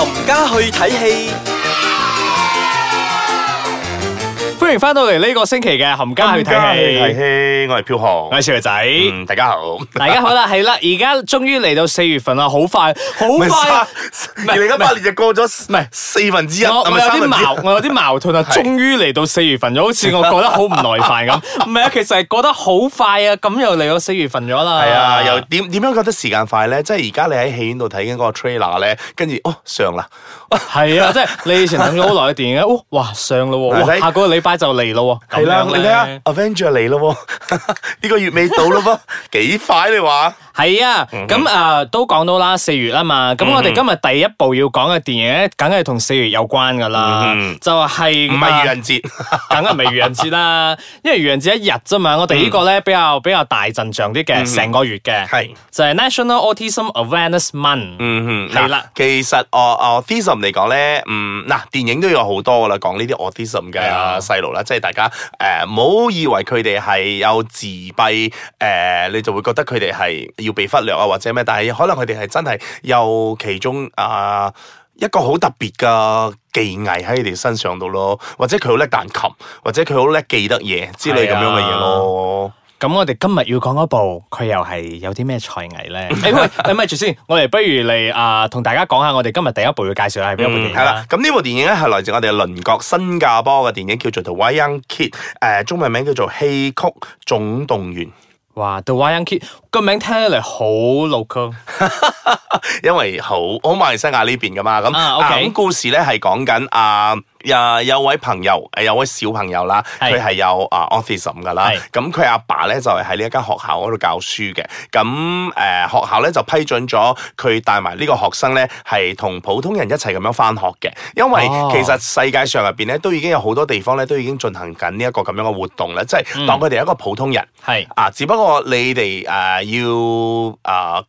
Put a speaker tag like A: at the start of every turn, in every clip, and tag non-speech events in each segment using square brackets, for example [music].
A: 冚家去睇戲。歡迎翻到嚟呢個星期嘅《冚家去睇戲》，我係飄航，我係小牛仔，大家好，大家好啦，係啦，而家終於嚟到四月份啦，好快，好快，而家八年就過咗，唔係四分之一，有啲矛，我有啲矛盾啊，終於嚟到四月份咗，好似我覺得好唔耐煩咁，唔係啊，其實係過得好快啊，咁又嚟到
B: 四月份咗啦，係啊，又點點樣覺得時間快咧？即係而家你喺戲院度睇緊嗰個 trailer 咧，
A: 跟住哦上啦，係啊，即係你以前等咗好耐嘅電影，哇上咯，下個禮拜。就嚟咯，係啦，你睇下
B: ，Avenger 嚟咯，
A: 呢個月
B: 未到咯噃，幾快你話？
A: 係啊，咁啊都講到啦，四月啊嘛，咁我哋今日第一部要講嘅電影咧，梗係同四月有關噶啦，就係唔係愚人節，梗係唔係愚人節啦，因為愚人節一日啫嘛，我哋呢個咧比較比較大陣仗啲嘅，成個月嘅，係就係 National Autism Awareness Month，嗯嗯，係啦，其
B: 實哦哦 autism 嚟講咧，嗯嗱，電影都有好多噶啦，講呢啲 autism 嘅細路。即係大家誒，唔、呃、好以為佢哋係有自閉，誒、呃，你就會覺得佢哋係要被忽略啊，或者咩？但係可能佢哋係真係有其中啊、呃、一個好特別嘅技藝喺佢哋身上度咯，或者佢好叻彈
A: 琴，或者佢好叻記得嘢、啊、之類咁樣嘅嘢咯。咁我哋今日要講嗰部，佢又係有啲咩才藝咧？誒，喂，誒，咪住先，我哋不如嚟啊，同、呃、大家講
B: 下我哋今日第一部嘅介紹係邊一部電影啦。咁呢、嗯、部電影咧係來自我哋嘅鄰國新加坡嘅電影，叫做 The Young Kid，誒、呃，中文名叫做戲曲總動員。哇，The
A: Young Kid 個名聽起嚟好 local，
B: 因為好我馬來西亞呢邊噶嘛。咁、啊 okay? 嗯、故事咧係講緊啊。啊！有位朋友，有位小朋友啦，佢係是有啊、uh, autism 噶啦。咁佢阿爸咧就係喺呢一間學校嗰度教書嘅。咁誒、呃，學校咧就批准咗佢帶埋呢個學生咧，係同普通人一齊咁樣翻學嘅。因為其實世界上入邊咧都已經有好多地方咧都已經進行緊呢一個咁樣嘅活動咧，即、就、係、是、當佢哋係一個普通人。係、嗯、啊，只不過你哋誒、呃、要誒。呃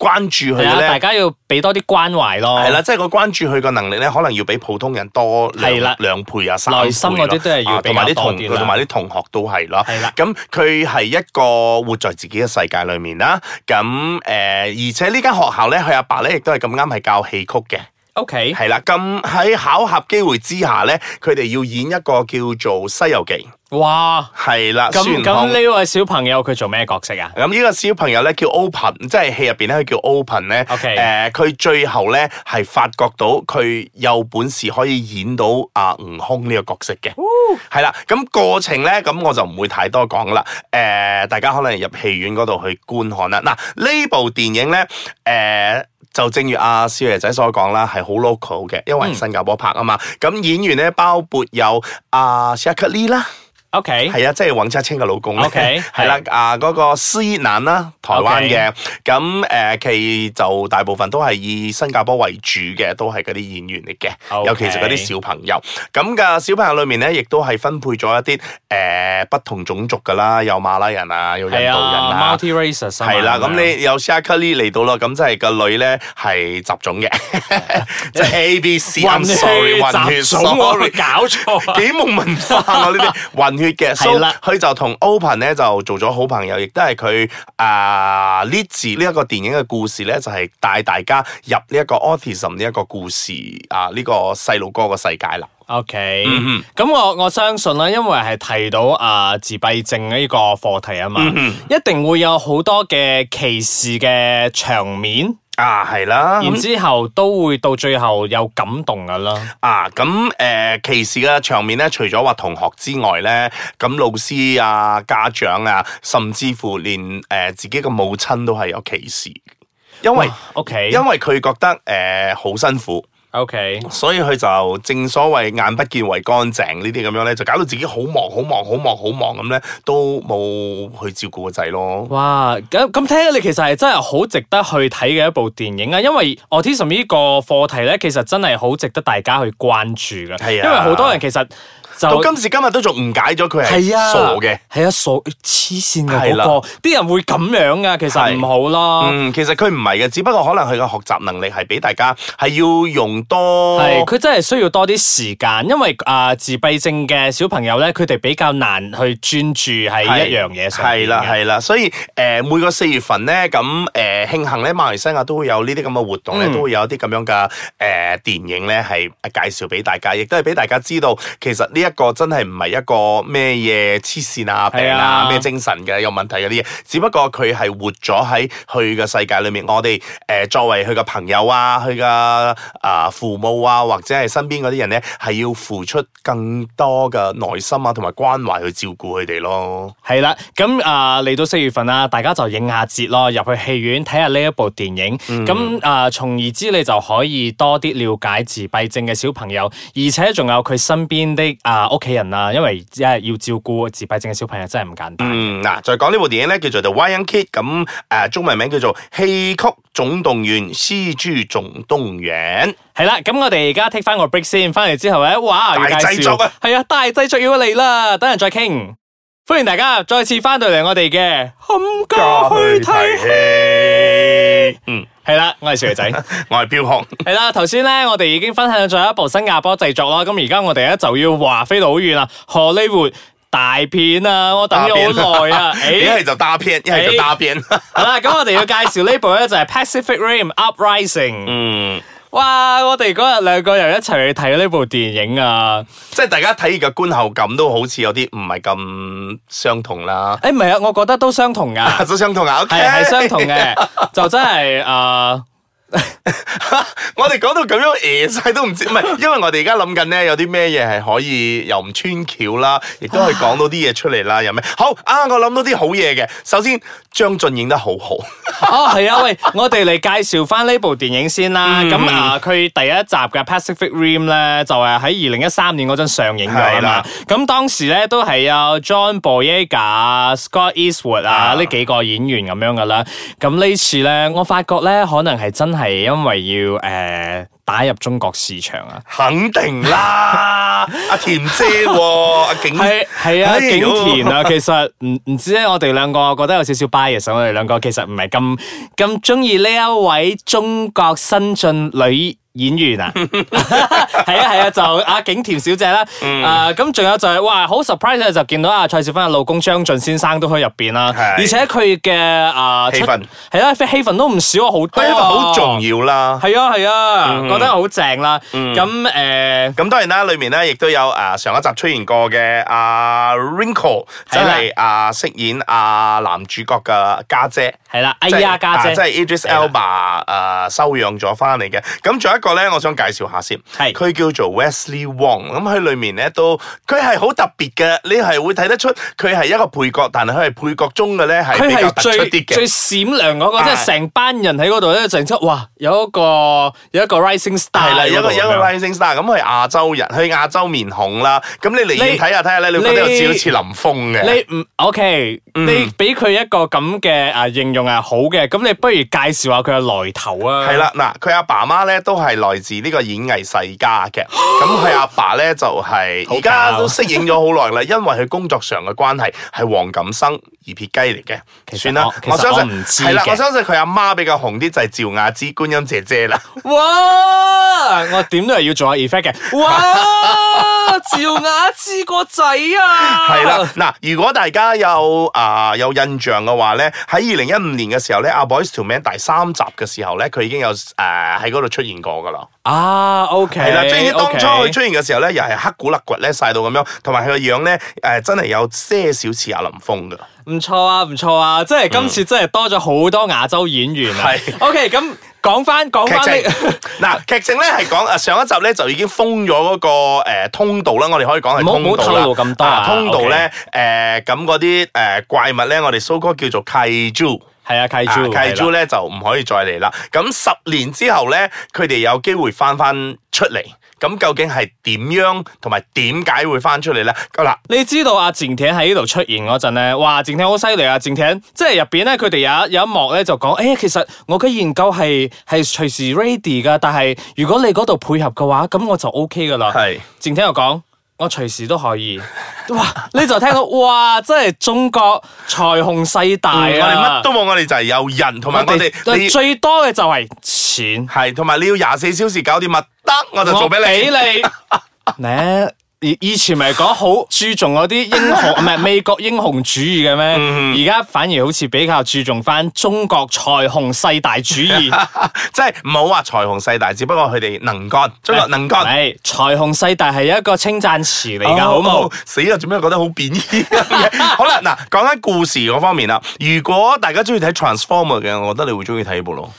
B: 關注佢咧，大家
A: 要俾多啲關懷
B: 咯。係啦，即係個關注佢嘅能力咧，可能要比普通人多兩兩的倍啊，三倍咯。內心嗰啲都係要俾多啲。啊、同埋啲同學，同埋啲同學都係咯。係啦的，咁佢係一個活在自己嘅世界裏面啦。咁誒、呃，而且呢間學校咧，佢阿爸咧亦都係咁啱係教戲曲嘅。OK，係啦。咁喺考核機會之下咧，佢哋要演一個叫做《西遊記》。
A: 哇，係啦！咁咁呢位小朋友佢做咩角色啊？咁
B: 呢、呢個小朋友咧叫 Open，即係戲入邊咧佢叫 Open 咧、okay. 呃。O K，誒，佢最後咧係發覺到佢有本事可以演到阿、啊、悟空呢個角色嘅。係啦，咁過程咧咁我就唔會太多講啦。誒、呃，大家可能入戲院嗰度去觀看啦。嗱、呃，呢部電影咧，誒、呃，就正如阿少爺仔所講啦，係好 local 嘅，因為新加坡拍啊嘛。咁、嗯嗯、演員咧包括有阿、啊、Shakili 啦。OK，係啊，即係王家青嘅老公。OK，係啦，啊嗰個 C 楠啦，台灣嘅。咁誒，其就大部分都係以新加坡為主嘅，都係嗰啲演員嚟嘅，尤其是嗰啲小朋友。咁嘅小朋友裏面咧，亦都係分配咗一啲誒不同種族噶啦，有馬拉人啊，有印度人啦。Multi races，係啦。咁你有 Scarley 嚟到咯，咁即係個女咧係雜種嘅，即係 A B C。混血雜種，我
A: 搞錯，幾冇文
B: 化啊呢啲嘅， [music] 所以佢就同 Open 咧就做咗好朋友，亦都係佢啊呢次呢一個電影嘅故事咧，就係、是、帶大家入呢一個 Autism 呢一個故事啊，呢、呃這個細路哥嘅世界啦。
A: OK，咁、mm hmm. 嗯、我我相信啦，因為係提到啊、呃、自閉症呢個課題啊嘛，mm hmm. 一定會有好多嘅歧視嘅場面。啊，係啦，然、嗯、之後都會到最後有感動噶啦。啊，咁誒、呃，歧視嘅場面咧，除咗話
B: 同學之外咧，咁老師啊、家長啊，甚至乎連誒、呃、自己嘅母親都係有歧視，
A: 因為，OK，因
B: 為佢覺得誒好、呃、辛苦。O.K. 所以佢就正所謂眼不見為乾淨呢啲咁樣咧，就搞到自己好忙、好忙、好忙、好忙咁咧，都冇去照顧個仔咯。哇！
A: 咁咁聽你其實係真係好值得去睇嘅一部電影啊，因為 autism 呢個課題咧，其實真係好值得大家去關注噶。係啊，因為好多人其實就到今時今日都仲誤解咗佢係傻嘅的，係啊傻黐線嘅嗰個，啲人會咁樣啊，其實唔是好啦。嗯，其實佢唔係嘅，只不過可能佢嘅學習能力係比大家係要用。多係佢真係需要多啲時間，因為啊、呃、自閉症嘅小朋友咧，佢哋比較難去專注喺一，是一樣嘢上。係啦，係啦，所以誒、呃、
B: 每個四月份咧，咁誒慶幸咧，馬來西亞都會有呢啲咁嘅活動咧，嗯、都會有一啲咁樣嘅誒、呃、電影咧，係介紹俾大家，亦都係俾大家知道，其實呢一個真係唔係一個咩嘢黐線啊病啊咩、啊、精神嘅有問題嘅啲嘢，只不過佢係活咗喺佢嘅世界裏面。我哋誒、呃、作為佢嘅朋友啊，佢嘅啊。呃父母啊，或者係身邊嗰啲人咧，係要付出更多嘅耐心啊，同埋關懷去照顧佢哋咯。
A: 係啦，咁 [noise] 啊嚟到四月份啦、啊，大家就影下節咯，入去戲院睇下呢一部電影。咁啊、嗯，從、呃、而知你就可以多啲了解自閉症嘅小朋友，而且仲有佢身邊的啊屋企人啊，因為一係、呃、要照顧自閉症嘅小朋友真係唔簡
B: 單。嗯，嗱，再講呢部電影咧，叫做 The w i n d n Kid，咁誒、啊、中文名叫做《戲曲總動員》《絲豬總動員》。
A: 係啦，咁我哋而家 take 翻個 break 先，翻嚟之後咧，哇！大製作啊，係啊，大製作要嚟啦，等陣再傾。歡迎大家再次翻到嚟我哋嘅《冚家去睇戲》。嗯，係啦，我係小肥仔， [laughs] 我係飄紅。係啦，頭先咧，我哋已經分享咗一部新加坡製作啦。咁而家我哋咧就要話飛到好遠啦，《荷里活大片》啊，我等咗好耐啊。一係就大片，一係就大片。係 [laughs] 啦，咁我哋要介紹呢部咧就係、是《Pacific Rim Uprising》。嗯。哇！我哋嗰日兩個人一齊去睇呢部電影啊，即係大家睇嘅觀後感
B: 都好似有啲唔係咁相同啦。
A: 誒、欸，唔係啊，我覺得都相同噶、啊，都相同噶，係、okay. 係相同嘅，
B: [laughs] 就真係誒。呃 [laughs] 我哋講到咁樣誒晒都唔知，唔係，因為我哋而家諗緊咧，有啲咩嘢係可以又唔穿橋啦，亦都係講到啲嘢出嚟啦，有咩？好啊，我諗到啲好嘢嘅。首先，張晉影得好好。
A: [laughs] 哦，係啊，喂，我哋嚟介紹翻呢部電影先啦。咁啊、嗯，佢、呃、第一集嘅 Pacific Rim 咧，就係喺二零一三年嗰陣上映嘅啦，嘛。咁當時咧都係有 John Boyega、啊、Scott Eastwood 啊呢幾個演員咁樣噶啦。咁呢次咧，我發覺咧，可能係真係。係因為要誒、呃、打入中國市場啊，肯定啦，
B: 阿甜、 [laughs] 啊、姐、啊、阿、啊、景係係 [laughs] 啊，景甜啊， [laughs] 其實
A: 唔唔止，我哋兩個覺得有少少 bias，我哋兩個其實唔係咁咁中意呢一位中國新晉女演員啊，係啊係啊，就阿景甜小姐啦，誒咁仲有就係哇，好 surprise 咧就見到阿蔡少芬嘅老公張晉先生都喺入邊啦，而且佢嘅誒氣氛係啊，氣氛都唔少啊，好多好重要啦，係啊係啊，覺得
B: 好正啦，咁誒咁當然啦，裏面咧亦都有誒上一集出現過嘅阿 Wrinkle，真係阿飾演阿男主角嘅家姐，係啦，哎呀家姐，即係 Idris Elba 誒收養咗翻嚟嘅，咁仲有個咧，我想介紹下先，係佢叫做 Wesley Wong，咁佢裏面咧都佢係好特別嘅，你係會睇得出佢係一個配角，但係佢係配角中嘅咧係比較突出啲嘅，最閃亮嗰、那個，啊、即係成
A: 班人喺嗰度咧，就突出哇，有一個有一個 rising
B: star，係啦，一個、那個、有一個 rising star，咁佢係亞洲人，係亞洲面孔啦，咁你嚟睇下睇下咧，你，你會覺得有少少似林峰嘅？你
A: 唔、嗯、OK？、Mm hmm. 你俾佢一個咁嘅啊應用係好嘅，咁你不如介紹下佢嘅來頭啊？係啦，嗱，佢阿爸媽咧都係。係
B: 來自呢個演藝世家嘅，咁佢阿爸呢就係而家都適應咗好耐啦， [laughs] 因為佢工作上嘅關係係黃錦生二撇雞嚟嘅，算啦了。我相信係啦，我相信佢阿媽比較紅啲就係趙雅芝觀音姐姐啦。
A: 哇！我點都係要做下 effect 嘅。哇！知子個仔啊！係
B: 啦，嗱，如果大家有啊、呃、有印象嘅話咧，喺二零一五年嘅時候咧，啊《阿、okay, boys》條名第三集嘅時候咧，佢已經有誒喺嗰度出現過噶啦。啊，OK，係啦，即係當初佢出現嘅時候咧，又係黑古勒骨咧晒到咁樣，同埋佢個樣咧誒、呃，真係有些少似阿林峰噶。
A: 唔錯啊，唔錯啊，即係今次真係多咗好多亞洲演員。係、嗯、，OK，咁。講翻講翻啲嗱，劇
B: 情咧係講誒，上一集咧就已經封咗嗰、嗰個誒、呃、通道啦，我哋可以講係通道啦。咁多通道咧，誒咁嗰啲誒怪物咧，我哋蘇哥叫做 Kaiju 係啊 Kaiju，Kaiju 咧就唔可以再嚟啦。咁十年之後咧，佢哋有機會
A: 翻翻出嚟。咁究竟係點樣同埋點解會翻出嚟呢？嗱，你知道阿靜婷喺呢度出現嗰陣咧，哇，靜婷好犀利啊！靜婷即係入邊咧，佢哋有，有一幕咧就講，誒、欸，其實我嘅研究係係隨時 ready 噶，但係如果你嗰度配合嘅話，咁我就 OK 噶啦。係是，靜婷又講。我隨時都可以，哇！你就聽到哇，真係中國財雄勢大啊、嗯！我哋乜都冇，我哋就
B: 係有人，同埋我哋你你最
A: 多嘅就係
B: 錢，係同埋你要廿四小時
A: 搞掂啊！得我就做俾你，你。 [laughs] 你以前咪講好注重嗰啲英雄，唔係美國英雄主義嘅咩？而家、嗯、反而好似比較注重翻中國財雄勢大主義，即係唔好話財雄勢大，只不過佢哋能幹，中國、欸、能幹割。係財雄勢大係一個稱讚詞嚟噶，哦、好冇、哦？死啦，做咩覺得 [laughs] [laughs] [laughs] 好貶義？
B: 好啦，嗱，講緊故事嗰方面啦。如果大家中意睇 Transformer 嘅，我覺得你會中意睇部咯。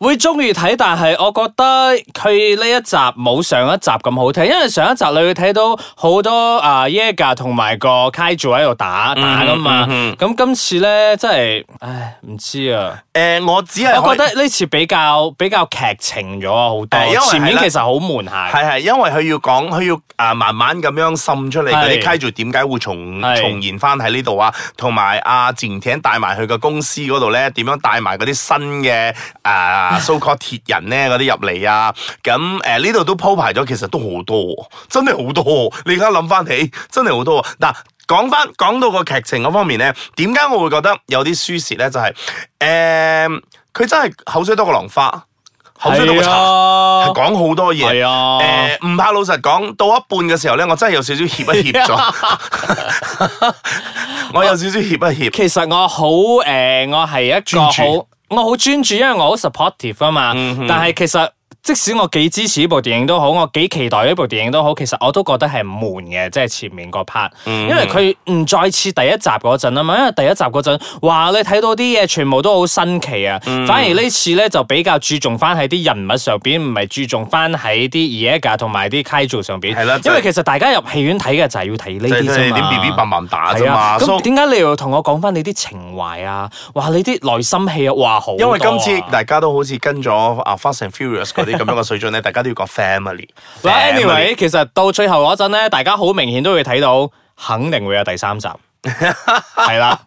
A: 會中意睇，但係我覺得佢呢一集冇上一集咁好睇，因為上一集你會睇到好多啊耶格同埋個 Kaiju 喺度打打噶嘛，咁今次咧真係，唉唔知啊，誒我只係我覺得呢次比較比較劇情咗好多，前面其實好悶
B: 下，係係因為佢要講佢要啊慢慢咁樣滲
A: 出嚟嗰啲 Kaiju 點
B: 解會重重現翻喺呢度啊，同埋阿靜婷帶埋佢個公司嗰度咧，點樣帶埋嗰啲新嘅啊。So、called，鐵啊，蘇格鐵人咧嗰啲入嚟啊，咁誒呢度都鋪排咗，其實都好多，真係好多。你而家諗翻起，真係好多。嗱，講翻講到個劇情嗰方面咧，點解我會覺得有啲輸蝕咧？就係、是、誒，佢、呃、真係口水多過浪花，口水多過茶，講好多嘢。係啊，誒唔、啊呃、怕老實講，到一半嘅時候咧，我真係有少少怯一怯咗，
A: [laughs] [laughs] [laughs] 我有少少怯一怯。其實我好誒、呃，我係一個我好專注，因為我好 supportive 啊嘛，嗯哼，但係其實。即使我幾支持呢部電影都好，我幾期待呢部電影都好，其實我都覺得係悶嘅，即係前面個 part，、mm hmm. 因為佢唔再似第一集嗰陣啊嘛，因為第一集嗰陣，哇你睇到啲嘢全部都好新奇啊，mm hmm. 反而次呢次咧就比較注重翻喺啲人物上邊，唔係注重翻喺啲 e gear 同埋啲 cage 上邊，係啦，就是、因為其實大家入戲院睇嘅就係要睇呢啲啫嘛，咁點解、啊、以你又同我講翻你啲情懷啊？哇你啲內心戲啊，哇好、啊，因為今次
B: 大家都好似跟咗啊 Fast and Furious [laughs] 啲咁 [laughs] 樣嘅水準咧，大家都要講 family,
A: family。嗱，Anyway，其實到最後嗰陣咧，大家好明顯都會睇到，肯定會有第三集。係啦，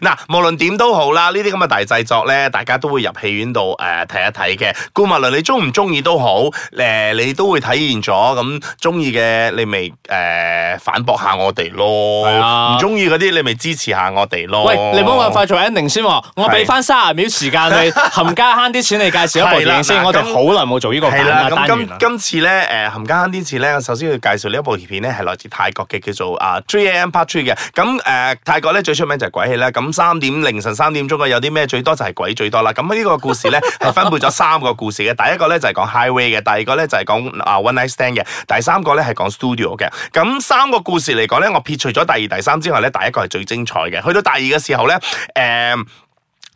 A: 嗱，無論點都好啦，呢啲咁嘅大製
B: 作咧，大家都會入戲院度誒睇一睇嘅。姑勿論，你中唔中意都好，誒、呃，你都會體現咗。咁中意嘅，你咪誒、呃、反駁下我哋咯。唔中意嗰啲，你咪支持下我哋咯。喂，你唔好快
A: 做 ending 先、啊，我俾翻三十秒時間你，冚家慳啲錢嚟介紹一部影片先。 [laughs] 我哋好耐冇做呢個片啦。咁今，
B: 今次咧，誒，冚家慳啲次咧，首先要介紹呢一部片咧，係來自泰國嘅，叫做啊 Three M Part Three 嘅。咁、嗯、誒。呃誒、呃、泰國咧最出名就係鬼戲啦。咁三點凌晨三點鐘嘅有啲咩？最多就係鬼最多啦。咁呢個故事咧係 [laughs] 分配咗三個故事嘅，第一個咧就係、是、講 highway 嘅，第二個咧就係、是、講啊 one night stand 嘅，第三個咧係講 studio 嘅。咁三個故事嚟講咧，我撇除咗第二、第三之外咧，第一個係最精彩嘅。去到第二嘅時候咧，誒、呃。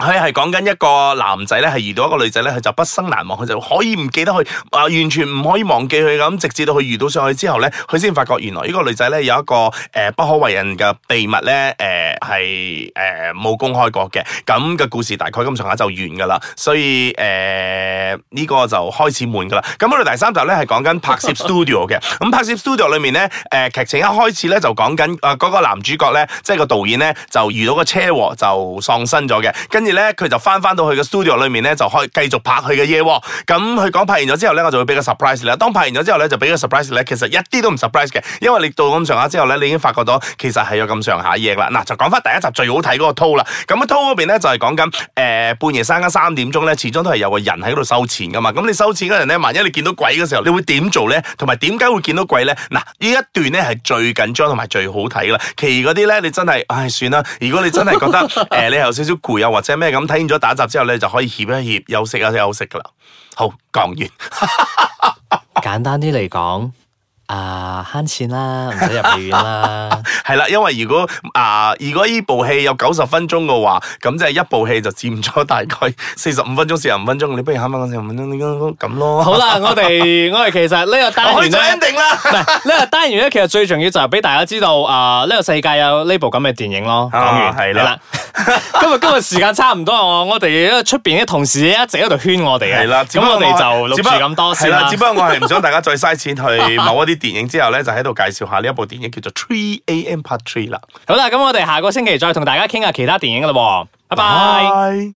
B: 佢係講緊一個男仔咧，係遇到一個女仔咧，佢就畢生難忘，佢就可以唔記得佢，啊完全唔可以忘記佢咁，直至到佢遇到上去之後咧，佢先發覺原來呢個女仔咧有一個誒、呃、不可為人嘅秘密咧，誒係誒冇公開過嘅。咁嘅故事大概咁上下就完噶啦，所以誒呢、呃這個就開始悶噶啦。咁我哋第三集咧係講緊拍攝 studio 嘅。咁拍攝 studio 裏面咧，誒、呃、劇情一開始咧就講緊啊個男主角咧，即係個導演咧就遇到個車禍就喪生咗嘅，跟住。佢就翻翻到去嘅 studio 裏面咧，就可以繼續拍佢嘅嘢。咁佢講拍完咗之後咧，我就會俾個 surprise 你啦。當拍完咗之後咧，就俾個 surprise 你，其實一啲都唔 surprise 嘅，因為你到咁上下之後咧，你已經發覺到其實係有咁上下嘢啦。嗱，就講翻第一集最好睇嗰個 toll 啦。咁啊，toll 嗰邊咧就係講緊誒半夜三更三點鐘咧，始終都係有個人喺度收錢噶嘛。咁你收錢嗰人咧，萬一你見到鬼嘅時候，你會點做咧？同埋點解會見到鬼咧？嗱，呢一段咧係最緊張同埋最好睇啦。其餘嗰啲咧，你真係唉算啦。如果你真係覺得誒、呃、你有少少攰啊，或者～咩咁體驗咗打雜之後咧，你就可以歇一歇、休息一休息㗎喇。好，講完，
A: [laughs] 簡單啲嚟講。啊慳錢啦，唔使入電影院啦。係
B: 啦，因為如果啊，如果呢部戲有九十分鐘嘅話，咁即係一部戲就佔咗大概四十五分鐘、四十五分鐘，你不如慳翻四十五分鐘，你咁咯。好啦，我哋
A: 我哋其實呢個單元就一定係呢個單元咧，其實最重要就係俾大家知道啊，呢個世界有呢部咁嘅電影咯。講完係啦，今日今日時間差唔多，我哋出邊嘅同事一直喺度圈我哋啊。係啦，咁我哋就錄住咁多先啦。係啦，只不過我係唔
B: 想大家再嘥錢去某一啲。電影之後呢，就喺度介紹下呢部電影叫做《Three A.M Party》啦。
A: 好啦，咁我哋下個星期再同大家傾下其他電影啦。啵，拜拜。Bye.